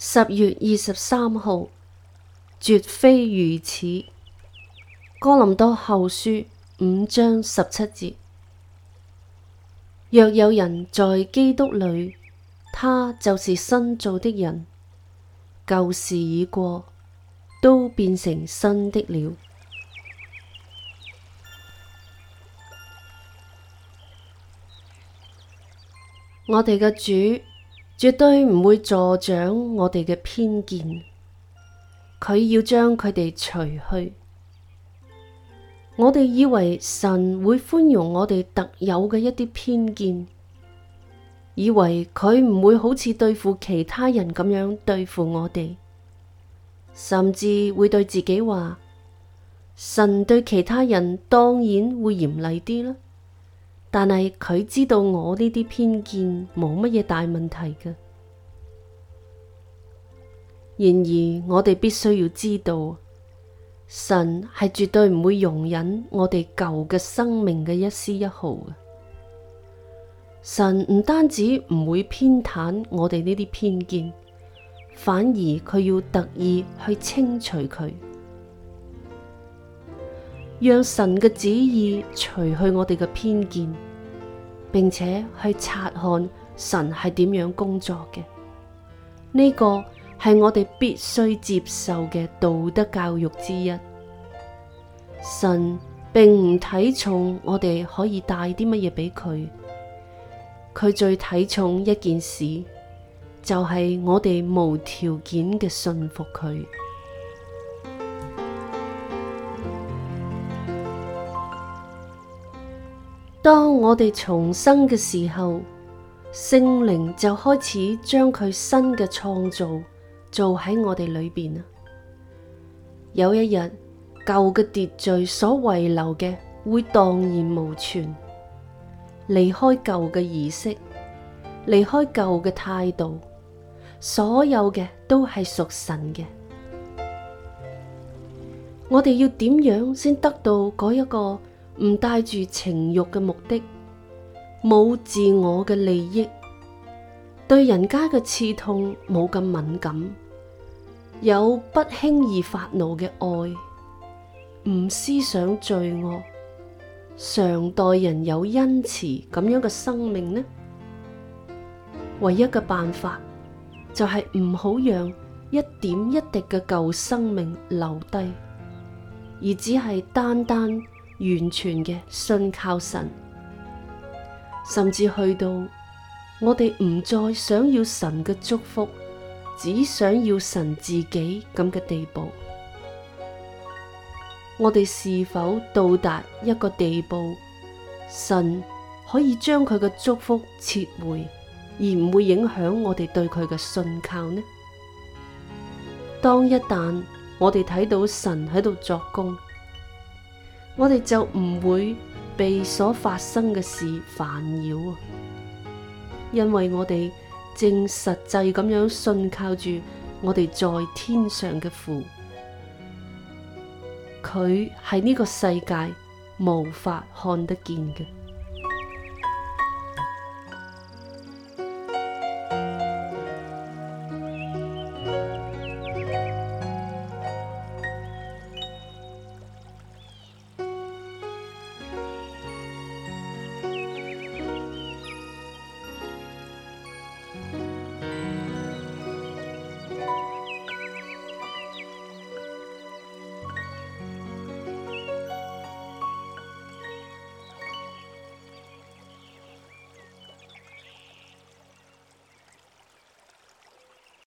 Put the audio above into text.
十月二十三號，絕非如此。哥林多後書五章十七節：若有人在基督裏，他就是新造的人，舊事已過，都變成新的了。我哋嘅主。絕對唔會助長我哋嘅偏見，佢要將佢哋除去。我哋以為神會寬容我哋特有嘅一啲偏見，以為佢唔會好似對付其他人咁樣對付我哋，甚至會對自己話：神對其他人當然會嚴厲啲啦。但係佢知道我呢啲偏見冇乜嘢大問題嘅。然而我哋必須要知道，神係絕對唔會容忍我哋舊嘅生命嘅一絲一毫嘅。神唔單止唔會偏袒我哋呢啲偏見，反而佢要特意去清除佢。讓神嘅旨意除去我哋嘅偏見，並且去察看神係點樣工作嘅。呢、這個係我哋必須接受嘅道德教育之一。神並唔睇重我哋可以帶啲乜嘢俾佢，佢最睇重一件事，就係、是、我哋無條件嘅信服佢。當我哋重生嘅時候，聖靈就開始將佢新嘅創造做喺我哋裏邊啦！有一日，舊嘅秩序所遺留嘅會蕩然無存，離開舊嘅儀式，離開舊嘅態度，所有嘅都係屬神嘅。我哋要點樣先得到嗰一個？唔帶住情欲嘅目的，冇自我嘅利益，對人家嘅刺痛冇咁敏感，有不輕易發怒嘅愛，唔思想罪惡，常待人有恩慈咁樣嘅生命呢？唯一嘅辦法就係唔好讓一點一滴嘅舊生命留低，而只係單單。完全嘅信靠神，甚至去到我哋唔再想要神嘅祝福，只想要神自己咁嘅地步。我哋是否到達一個地步，神可以將佢嘅祝福撤回，而唔會影響我哋對佢嘅信靠呢？當一旦我哋睇到神喺度作工。我哋就唔會被所發生嘅事煩擾啊，因為我哋正實際咁樣信靠住我哋在天上嘅父，佢喺呢個世界無法看得見嘅。